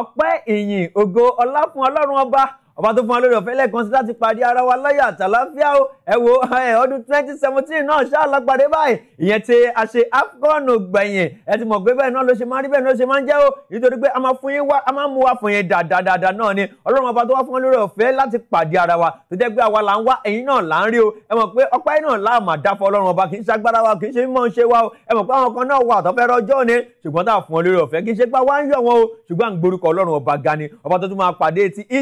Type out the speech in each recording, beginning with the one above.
ọpẹ́ ìyìn ògo ọlá fún Ọlọ́run ọba ọba tó fún wa lórí ọ̀fẹ́ lẹ́ẹ̀kan sí láti parí ara wa láyà àtàláfíà o ẹ wo ọdún twenty seventeen náà ṣáàlápàdé báyìí ìyẹn ti a ṣe AFCON gbẹ̀yìn ẹ ti mọ̀ pé bẹ́ẹ̀ náà ló ṣe máa rí bẹ́ẹ̀ náà ló ṣe máa ń jẹ́ o nítorí pé a máa fún yín wá a máa mú wa fún yín dáadáa náà ni ọlọ́run ọba tó wá fún wa lórí ọ̀fẹ́ láti pàdé ara wa tó jẹ́ pé àwa là ń wá ẹ̀yin náà là ń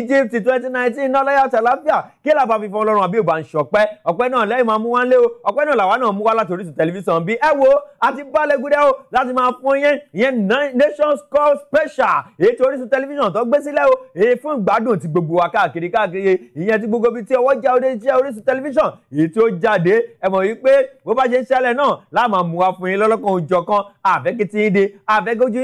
rí twenty nineteen náà láyà àtàláfíà kí làbá fi fún ọlọ́run àbí òbá ń ṣọpẹ́ ọpẹ́ náà lẹ́yìn máa mú wá lé o ọpẹ́ náà làwa náà mú wá láti Orísun tẹlifíṣàn bíi ẹ wo àti bálẹ̀gúdẹ́ o láti máa fún yẹn yẹn nations call special èyí tí Orísun tẹlifíṣàn tó gbé sílẹ̀ o èyí fún ìgbádùn ti gbogbo wa káàkiri káàkiri ìyẹn ti gbogbo bíi tí ọwọ́ já ọdẹ iṣẹ́ Orísun tẹlifíṣàn èyí tí ó jáde ẹ mọ̀ wípé bó bá ṣe ń ṣẹlẹ̀ náà láà máa mú wa fún yín lọ́lọ́kan òjọ̀kan àfẹ́kẹ́tì yín de àfẹ́kẹ́tì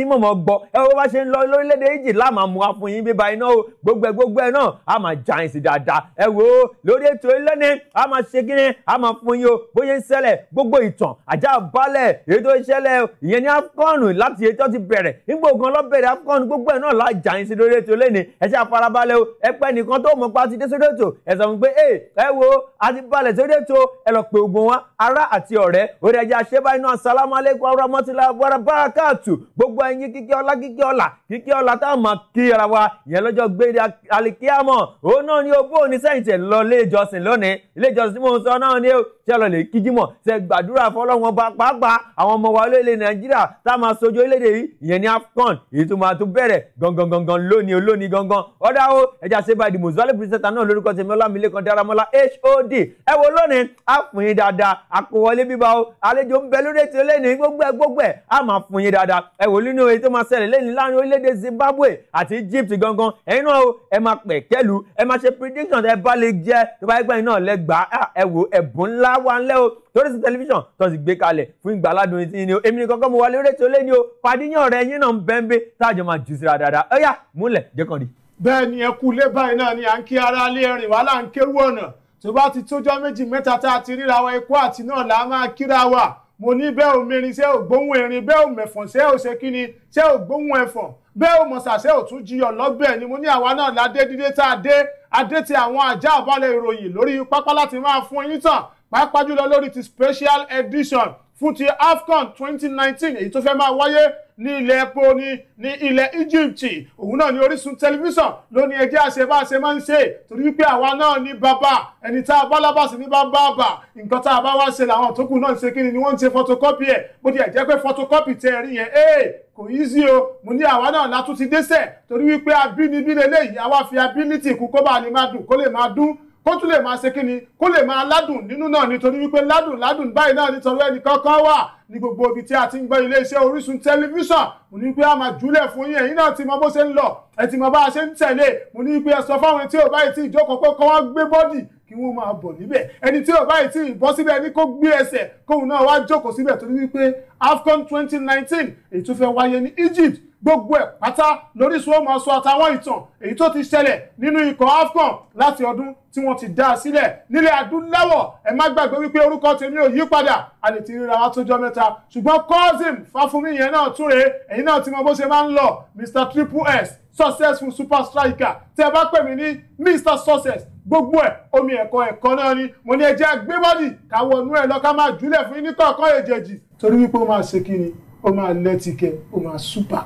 yín mọ̀mọ́ gbọ́ ẹ bó bá ṣe ń lọ lórílẹ̀ gbogbo gbogbo ẹ náà a máa já yín sí dáadáa ẹ wò ó lórí ètò ìlẹ́ni a máa ṣe kí ni a máa fún yín o bóyá ń ṣẹlẹ̀ gbogbo ìtàn àjá balẹ̀ èyí tó ṣẹlẹ̀ ìyẹn ní AFCON láti ètò ti bẹ̀rẹ̀ nígbà ogun ọlọ́bẹ̀rẹ̀ AFCON gbogbo ẹ̀ náà la já yín sí lórí ètò ìlẹ́ni ẹ ṣe àfarabalẹ̀ o ẹ pẹ́ nìkan tó mọ̀ pa ti dé sórí ètò ẹ sọ fún pé ẹ ẹ wo a àlìkíámọ̀ òun náà ni ogbó òní sẹ́yìn tẹ̀ lọ ilé ìjọsìn lónìí ilé ìjọsìn tí mò ń sọ náà ni ṣe lọ lè kíjímọ̀ ṣe gbàdúrà fọlọ́wọn bá pàápàá àwọn ọmọ wa olóyè nàìjíríà tá a máa sojú orílẹ̀-èdè yìí ìyẹn ní afcon èyí tó máa tó bẹ̀rẹ̀ gangan gangan lónìí olónìí gangan ọ̀dà o ẹja ṣe báyìí dìbò zuwalẹ̀ pírísẹ́tà náà lórúkọ tèmi ọlámilékan dáramọ́lá hod ẹ wo lónìí á fún yín dáadáa àkọwọlé bíbá o àlejò ń bẹ lórí ètò eléyìí gbogbo ẹ gbogbo ẹ á máa fún yín dáadáa ẹ wò o èyí tó máa ṣẹlẹ̀ lẹ́yìn láàrin orílẹ̀-èdè zimbabwe àti egypt gangan ẹ̀yin náà o ẹ máa pẹ̀ kẹ́lu ẹ máa ṣe prediction ẹ bá lè jẹ́ tó bá gbẹ̀yìn náà lẹ́gbàá ah, ẹ wò ẹ̀bùn ńlá wa ńlẹ́ o Orísun tẹlifíṣàn tó ti gbé kalẹ̀ fún ìgbà aládùn etí ni o èmi nìkan kọ́ mo wà lórí ètò lẹ́ni o pàdéyàn rẹ̀ yín náà ń bẹ́ńbẹ́ táàjọ máa jù síra dáadáa ó múlẹ̀ jẹ́kàn rí. bẹ́ẹ̀ ni ẹ kú ilé báyìí náà ni à ń kí ara lé ẹrìn wá là ń kérú ọ̀nà tó bá wa ikú àti náà là á máa kíra wa mo ní bẹ́ẹ̀ ò mẹ́rin ṣé ò gbóhùn bẹ́ẹ̀ ò mẹ̀fọ̀n ṣé ò ẹ̀fọ̀n bẹ́ẹ̀ ò mọ̀ sàṣẹ́ ò tún jiyọ̀ lọ́bẹ̀ ni mo ní àwa náà ládé dídé tá a dé adé ti àwọn ajá àbálẹ̀ ìròyìn lórí pápá láti máa fún yín tàn pàápàá jùlọ lórí ti special edition fún ti AFCON 2019 èyí tó fẹ́ máa wáyé ní ilẹ̀ epo ní ní ilẹ̀ Egypt òun náà ni Orísun tẹlifíṣàn ló ní ẹjẹ́ àṣebáṣe máa ń ṣe torí wípé àwa náà ní bàbá ẹni tá a bá lábàṣe ní bàbá àbà nǹkan tá a bá wá ṣe làwọn tó náà ń ṣe kí ni wọ́n ń ṣe photocopy ẹ̀ bó ti ẹ̀ jẹ́ pé photocopy tẹ ẹ̀rí yẹn ee eh, kò yí sí o mo ní àwa náà látún ti dẹ́sẹ̀ torí wípé abínibí lélẹ́yìí àwa fi ability kú kó bá lè máa dùn kó lè máa dún kó tún lè máa ṣe kí ni kó lè máa ládùn nínú náà nítorí wípé ládùn ládùn báyìí náà nítorí ẹnìkan kan wà ní gbogbo ibi tí a ti ń gbọ́ iléeṣẹ́ Orísun tẹlifíṣàn mo ní pé a máa júlẹ̀ fún yín ẹ̀yin náà ti mọ bó ṣe ń lọ ẹ ti mọ bá a ṣe ń tẹ̀lé mo ní pé ẹ sọ fáwọn tí ò báyìí tí ìjókòó pé kọ́ wọ́n gbé bọ́dì kí wọ́n máa bọ̀ níbẹ̀ ẹni tí ò báyìí tí ìbọ́ síbẹ̀ ní kó gbé ẹsẹ̀ kóun náà wá jókòó síbẹ̀ torí wípé AFCON 2019 èyí tó fẹ́ wáyé ní Egypt gbogbo ẹ̀ pátá lórí sọ máa sọ àtàwọn ìtàn èyí tó ti ṣẹlẹ̀ nínú ikọ̀ AFCON láti ọdún tí wọ́n ti dá a sílẹ̀ nílẹ̀ adúláwọ̀ ẹ má gbàgbé wípé orúkọ tèmi ò yí padà a lè ti ríra wa tójọ́ mẹ́ta ṣùgbọ́n cousin Fáfúnmi yẹn náà tún rèé ẹ̀yin náà ti mọ bó ṣe máa ń lọ Mr Triple S successful super striker tẹ́ bá pè mí ní Mr Success gbogbo ẹ̀ omi ẹ̀kọ́ ẹ̀kọ́ náà ni mo ní ẹjẹ́ gbémọ́dì káwọ inú ẹ̀ lọ ká máa jùlẹ̀ fún yín ní kọ̀ọ̀kan èjèèjì torí wípé ó máa ṣe kí ni ó máa lẹ́tìkẹ́ ó máa súpà.